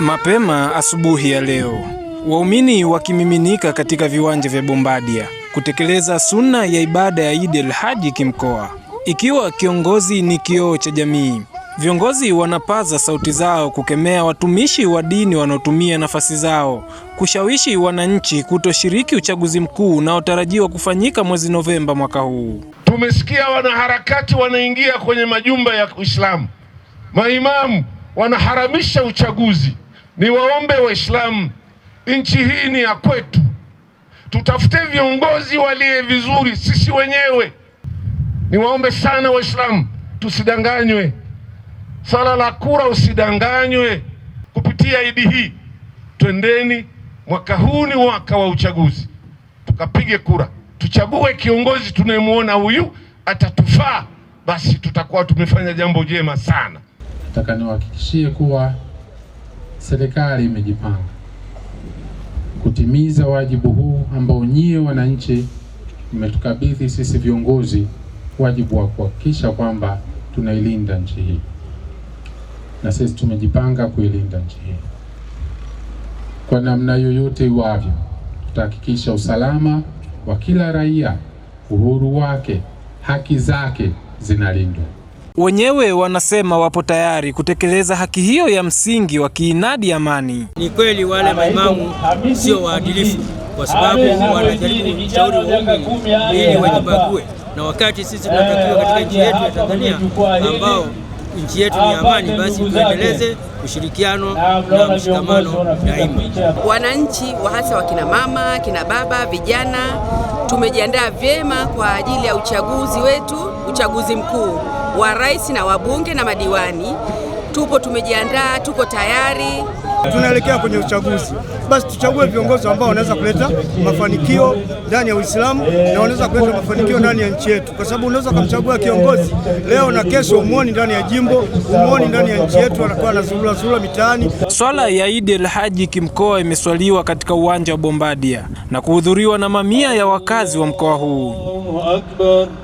Mapema asubuhi ya leo, waumini wakimiminika katika viwanja vya Bombadia kutekeleza sunna ya ibada ya Eid al-Haji kimkoa. Ikiwa kiongozi ni kioo cha jamii, viongozi wanapaza sauti zao kukemea watumishi wa dini wanaotumia nafasi zao kushawishi wananchi kutoshiriki uchaguzi mkuu unaotarajiwa kufanyika mwezi Novemba mwaka huu. Tumesikia wanaharakati wanaingia kwenye majumba ya Uislamu, maimamu wanaharamisha uchaguzi. Ni waombe Waislamu, nchi hii ni ya kwetu, tutafute viongozi waliye vizuri sisi wenyewe. Ni waombe sana Waislamu, tusidanganywe. Swala la kura usidanganywe kupitia idi hii. Twendeni, mwaka huu ni mwaka wa uchaguzi, tukapige kura tuchague kiongozi tunayemwona huyu atatufaa, basi tutakuwa tumefanya jambo jema sana. Nataka niwahakikishie kuwa serikali imejipanga kutimiza wajibu huu ambao nyie wananchi mmetukabidhi sisi viongozi, wajibu wa kuhakikisha kwamba tunailinda nchi hii, na sisi tumejipanga kuilinda nchi hii kwa namna yoyote iwavyo. Tutahakikisha usalama kwa kila raia, uhuru wake, haki zake zinalindwa. Wenyewe wanasema wapo tayari kutekeleza haki hiyo ya msingi wa kiinadi amani. Ni kweli wale maimamu sio waadilifu, kwa sababu wanajaribu kushauri waumini ili wajibague, na wakati sisi tunatakiwa katika nchi yetu ya Tanzania ambao nchi yetu ni amani, basi tuendeleze ushirikiano na mshikamano daima. Wananchi wa hasa wakina mama, kina baba, vijana tumejiandaa vyema kwa ajili ya uchaguzi wetu, uchaguzi mkuu wa rais na wabunge na madiwani tupo tumejiandaa, tuko tayari, tunaelekea kwenye uchaguzi. Basi tuchague viongozi ambao wanaweza kuleta mafanikio ndani ya Uislamu na wanaweza kuleta mafanikio ndani ya nchi yetu, kwa sababu unaweza kumchagua kiongozi leo na kesho umuoni ndani ya jimbo, umuoni ndani ya nchi yetu, anakuwa anazurura zurura mitaani. Swala ya Eid el Haji kimkoa imeswaliwa katika uwanja wa Bombadia na kuhudhuriwa na mamia ya wakazi wa mkoa huu.